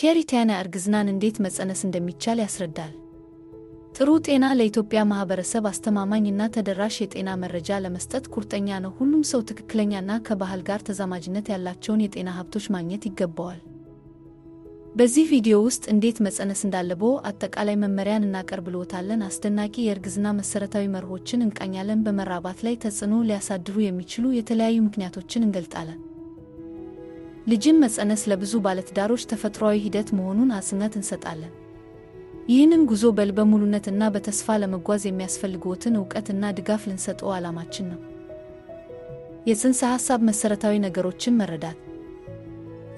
ኬሪ ቲያና እርግዝናን እንዴት መጸነስ እንደሚቻል ያስረዳል። ጥሩ ጤና ለኢትዮጵያ ማህበረሰብ አስተማማኝና ተደራሽ የጤና መረጃ ለመስጠት ቁርጠኛ ነው። ሁሉም ሰው ትክክለኛና ከባህል ጋር ተዛማጅነት ያላቸውን የጤና ሀብቶች ማግኘት ይገባዋል። በዚህ ቪዲዮ ውስጥ እንዴት መጸነስ እንዳለበው አጠቃላይ መመሪያን እናቀርብልዎታለን። አስደናቂ የእርግዝና መሰረታዊ መርሆችን እንቃኛለን። በመራባት ላይ ተጽዕኖ ሊያሳድሩ የሚችሉ የተለያዩ ምክንያቶችን እንገልጣለን። ልጅን መጸነስ ለብዙ ባለትዳሮች ተፈጥሯዊ ሂደት መሆኑን አጽንኦት እንሰጣለን። ይህንን ጉዞ በልበ ሙሉነትና በተስፋ ለመጓዝ የሚያስፈልግዎትን እውቀትና ድጋፍ ልንሰጠው ዓላማችን ነው። የጽንሰ ሐሳብ መሠረታዊ ነገሮችን መረዳት፣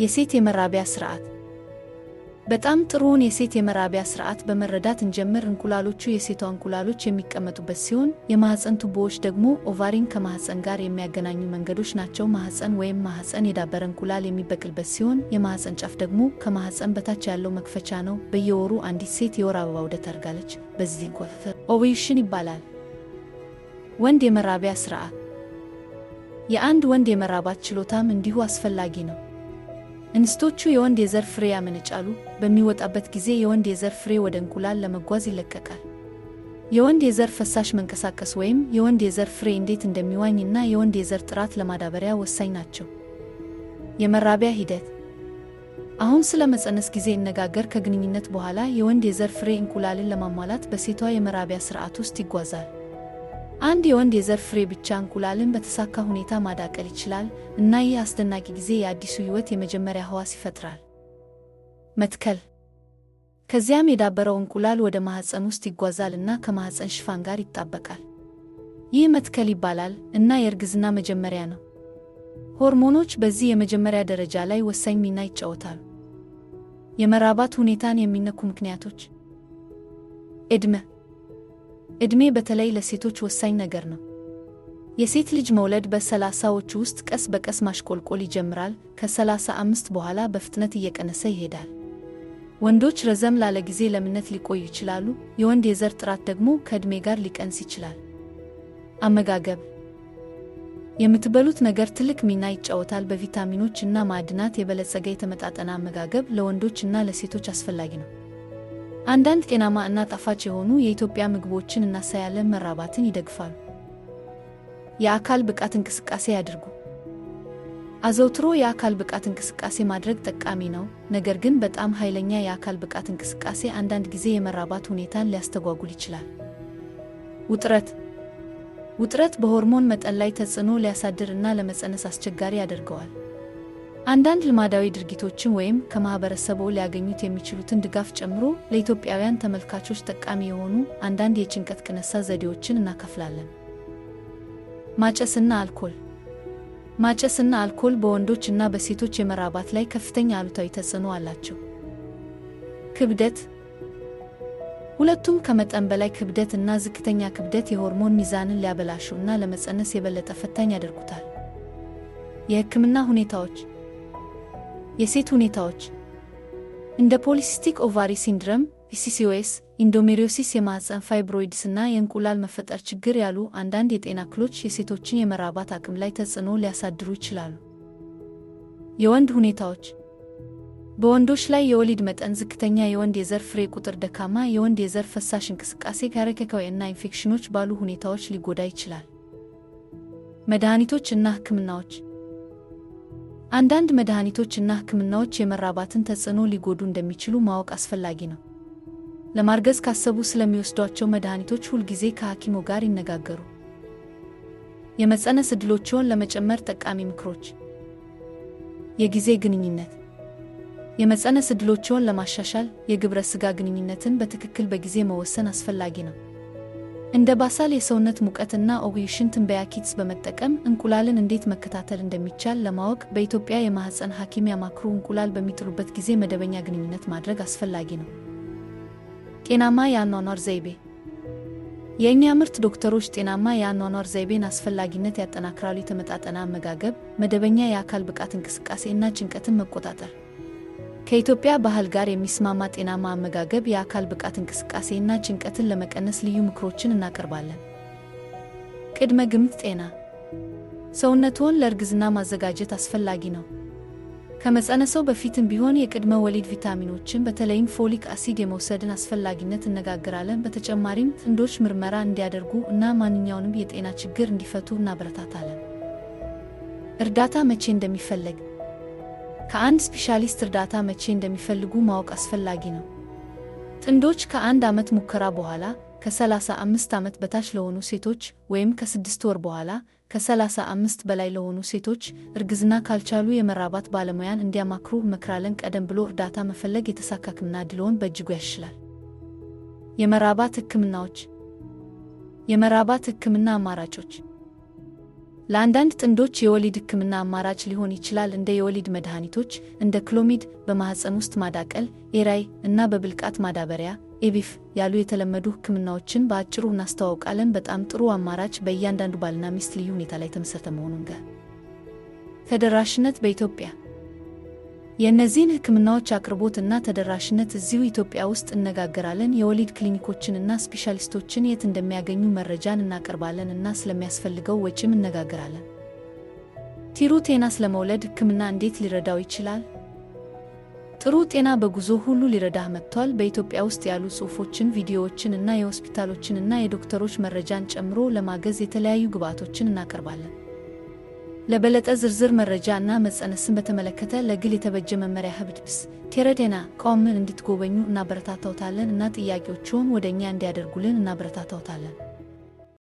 የሴት የመራቢያ ሥርዓት በጣም ጥሩውን የሴት የመራቢያ ስርዓት በመረዳት እንጀምር። እንቁላሎቹ የሴቷ እንቁላሎች የሚቀመጡበት ሲሆን የማህፀን ቱቦዎች ደግሞ ኦቫሪን ከማህፀን ጋር የሚያገናኙ መንገዶች ናቸው። ማህፀን ወይም ማህፀን የዳበረ እንቁላል የሚበቅልበት ሲሆን የማህፀን ጫፍ ደግሞ ከማህፀን በታች ያለው መክፈቻ ነው። በየወሩ አንዲት ሴት የወር አበባ ዑደት ታደርጋለች። በዚህ ኮፍር ኦቬሽን ይባላል። ወንድ የመራቢያ ስርዓት የአንድ ወንድ የመራባት ችሎታም እንዲሁ አስፈላጊ ነው። እንስቶቹ የወንድ የዘር ፍሬ ያመነጫሉ። በሚወጣበት ጊዜ የወንድ የዘር ፍሬ ወደ እንቁላል ለመጓዝ ይለቀቃል። የወንድ የዘር ፈሳሽ መንቀሳቀስ ወይም የወንድ የዘር ፍሬ እንዴት እንደሚዋኝ እና የወንድ የዘር ጥራት ለማዳበሪያ ወሳኝ ናቸው። የመራቢያ ሂደት አሁን ስለ መጸነስ ጊዜ እነጋገር። ከግንኙነት በኋላ የወንድ የዘር ፍሬ እንቁላልን ለማሟላት በሴቷ የመራቢያ ስርዓት ውስጥ ይጓዛል። አንድ የወንድ የዘር ፍሬ ብቻ እንቁላልን በተሳካ ሁኔታ ማዳቀል ይችላል እና ይህ አስደናቂ ጊዜ የአዲሱ ሕይወት የመጀመሪያ ሕዋስ ይፈጥራል። መትከል። ከዚያም የዳበረው እንቁላል ወደ ማኅፀን ውስጥ ይጓዛል እና ከማኅፀን ሽፋን ጋር ይጣበቃል። ይህ መትከል ይባላል እና የእርግዝና መጀመሪያ ነው። ሆርሞኖች በዚህ የመጀመሪያ ደረጃ ላይ ወሳኝ ሚና ይጫወታሉ። የመራባት ሁኔታን የሚነኩ ምክንያቶች ዕድመ ዕድሜ በተለይ ለሴቶች ወሳኝ ነገር ነው። የሴት ልጅ መውለድ በሰላሳዎች ውስጥ ቀስ በቀስ ማሽቆልቆል ይጀምራል። ከሰላሳ አምስት በኋላ በፍጥነት እየቀነሰ ይሄዳል። ወንዶች ረዘም ላለ ጊዜ ለምነት ሊቆዩ ይችላሉ። የወንድ የዘር ጥራት ደግሞ ከዕድሜ ጋር ሊቀንስ ይችላል። አመጋገብ የምትበሉት ነገር ትልቅ ሚና ይጫወታል። በቪታሚኖች እና ማዕድናት የበለጸገ የተመጣጠነ አመጋገብ ለወንዶች እና ለሴቶች አስፈላጊ ነው። አንዳንድ ጤናማ እና ጣፋጭ የሆኑ የኢትዮጵያ ምግቦችን እናሳያለን። መራባትን ይደግፋሉ። የአካል ብቃት እንቅስቃሴ ያድርጉ። አዘውትሮ የአካል ብቃት እንቅስቃሴ ማድረግ ጠቃሚ ነው፣ ነገር ግን በጣም ኃይለኛ የአካል ብቃት እንቅስቃሴ አንዳንድ ጊዜ የመራባት ሁኔታን ሊያስተጓጉል ይችላል። ውጥረት ውጥረት በሆርሞን መጠን ላይ ተጽዕኖ ሊያሳድር እና ለመፀነስ አስቸጋሪ ያደርገዋል። አንዳንድ ልማዳዊ ድርጊቶችን ወይም ከማህበረሰቡ ሊያገኙት የሚችሉትን ድጋፍ ጨምሮ ለኢትዮጵያውያን ተመልካቾች ጠቃሚ የሆኑ አንዳንድ የጭንቀት ቅነሳ ዘዴዎችን እናከፍላለን። ማጨስና አልኮል ማጨስና አልኮል በወንዶች እና በሴቶች የመራባት ላይ ከፍተኛ አሉታዊ ተጽዕኖ አላቸው። ክብደት ሁለቱም ከመጠን በላይ ክብደት እና ዝቅተኛ ክብደት የሆርሞን ሚዛንን ሊያበላሹ እና ለመፀነስ የበለጠ ፈታኝ ያደርጉታል። የሕክምና ሁኔታዎች የሴት ሁኔታዎች እንደ ፖሊሲስቲክ ኦቫሪ ሲንድረም ፒሲሲኦኤስ፣ ኢንዶሜሪዮሲስ፣ የማህፀን ፋይብሮይድስ እና የእንቁላል መፈጠር ችግር ያሉ አንዳንድ የጤና እክሎች የሴቶችን የመራባት አቅም ላይ ተጽዕኖ ሊያሳድሩ ይችላሉ። የወንድ ሁኔታዎች በወንዶች ላይ የወሊድ መጠን ዝቅተኛ፣ የወንድ የዘር ፍሬ ቁጥር ደካማ፣ የወንድ የዘር ፈሳሽ እንቅስቃሴ ከረከካዊ እና ኢንፌክሽኖች ባሉ ሁኔታዎች ሊጎዳ ይችላል። መድኃኒቶች እና ህክምናዎች አንዳንድ መድኃኒቶች እና ሕክምናዎች የመራባትን ተጽዕኖ ሊጎዱ እንደሚችሉ ማወቅ አስፈላጊ ነው። ለማርገዝ ካሰቡ ስለሚወስዷቸው መድኃኒቶች ሁልጊዜ ከሐኪሞ ጋር ይነጋገሩ። የመጸነስ ዕድሎችዎን ለመጨመር ጠቃሚ ምክሮች። የጊዜ ግንኙነት የመጸነስ ዕድሎችዎን ለማሻሻል የግብረ ሥጋ ግንኙነትን በትክክል በጊዜ መወሰን አስፈላጊ ነው። እንደ ባሳል የሰውነት ሙቀትና ኦቭዩሽን ትንበያ ኪትስ በመጠቀም እንቁላልን እንዴት መከታተል እንደሚቻል ለማወቅ በኢትዮጵያ የማህፀን ሐኪም ያማክሩ። እንቁላል በሚጥሉበት ጊዜ መደበኛ ግንኙነት ማድረግ አስፈላጊ ነው። ጤናማ የአኗኗር ዘይቤ የእኛ ምርት ዶክተሮች ጤናማ የአኗኗር ዘይቤን አስፈላጊነት ያጠናክራሉ። የተመጣጠነ አመጋገብ፣ መደበኛ የአካል ብቃት እንቅስቃሴ እና ጭንቀትን መቆጣጠር ከኢትዮጵያ ባህል ጋር የሚስማማ ጤናማ አመጋገብ፣ የአካል ብቃት እንቅስቃሴ እና ጭንቀትን ለመቀነስ ልዩ ምክሮችን እናቀርባለን። ቅድመ ግምት ጤና። ሰውነትዎን ለእርግዝና ማዘጋጀት አስፈላጊ ነው። ከመጸነሰው በፊትም ቢሆን የቅድመ ወሊድ ቪታሚኖችን በተለይም ፎሊክ አሲድ የመውሰድን አስፈላጊነት እነጋገራለን። በተጨማሪም ጥንዶች ምርመራ እንዲያደርጉ እና ማንኛውንም የጤና ችግር እንዲፈቱ እናበረታታለን። እርዳታ መቼ እንደሚፈለግ ከአንድ ስፔሻሊስት እርዳታ መቼ እንደሚፈልጉ ማወቅ አስፈላጊ ነው። ጥንዶች ከአንድ ዓመት ሙከራ በኋላ፣ ከ35 ዓመት በታች ለሆኑ ሴቶች ወይም ከስድስት ወር በኋላ ከ35 በላይ ለሆኑ ሴቶች እርግዝና ካልቻሉ የመራባት ባለሙያን እንዲያማክሩ መክራለን ቀደም ብሎ እርዳታ መፈለግ የተሳካ ሕክምና በእጅጉ ያሻሽላል። የመራባት ሕክምናዎች የመራባት ሕክምና አማራጮች ለአንዳንድ ጥንዶች የወሊድ ሕክምና አማራጭ ሊሆን ይችላል። እንደ የወሊድ መድኃኒቶች እንደ ክሎሚድ በማኅፀን ውስጥ ማዳቀል፣ ኤራይ እና በብልቃት ማዳበሪያ ኤቢፍ ያሉ የተለመዱ ሕክምናዎችን በአጭሩ እናስተዋውቃለን። በጣም ጥሩ አማራጭ በእያንዳንዱ ባልና ሚስት ልዩ ሁኔታ ላይ የተመሰረተ መሆኑን ገ ተደራሽነት በኢትዮጵያ የእነዚህን ሕክምናዎች አቅርቦትና ተደራሽነት እዚሁ ኢትዮጵያ ውስጥ እነጋገራለን። የወሊድ ክሊኒኮችንና ስፔሻሊስቶችን የት እንደሚያገኙ መረጃን እናቀርባለን እና ስለሚያስፈልገው ወጪም እነጋገራለን። ቲሩ ጤና ስለመውለድ ሕክምና እንዴት ሊረዳው ይችላል? ጥሩ ጤና በጉዞ ሁሉ ሊረዳህ መጥቷል። በኢትዮጵያ ውስጥ ያሉ ጽሑፎችን፣ ቪዲዮዎችን እና የሆስፒታሎችን እና የዶክተሮች መረጃን ጨምሮ ለማገዝ የተለያዩ ግብዓቶችን እናቀርባለን። ለበለጠ ዝርዝር መረጃ እና መፀነስን በተመለከተ ለግል የተበጀ መመሪያ ህብድስ ቴረዴና ቆምን እንድትጎበኙ እናበረታታውታለን እና ጥያቄዎችውን ወደ እኛ እንዲያደርጉልን እናበረታታውታለን።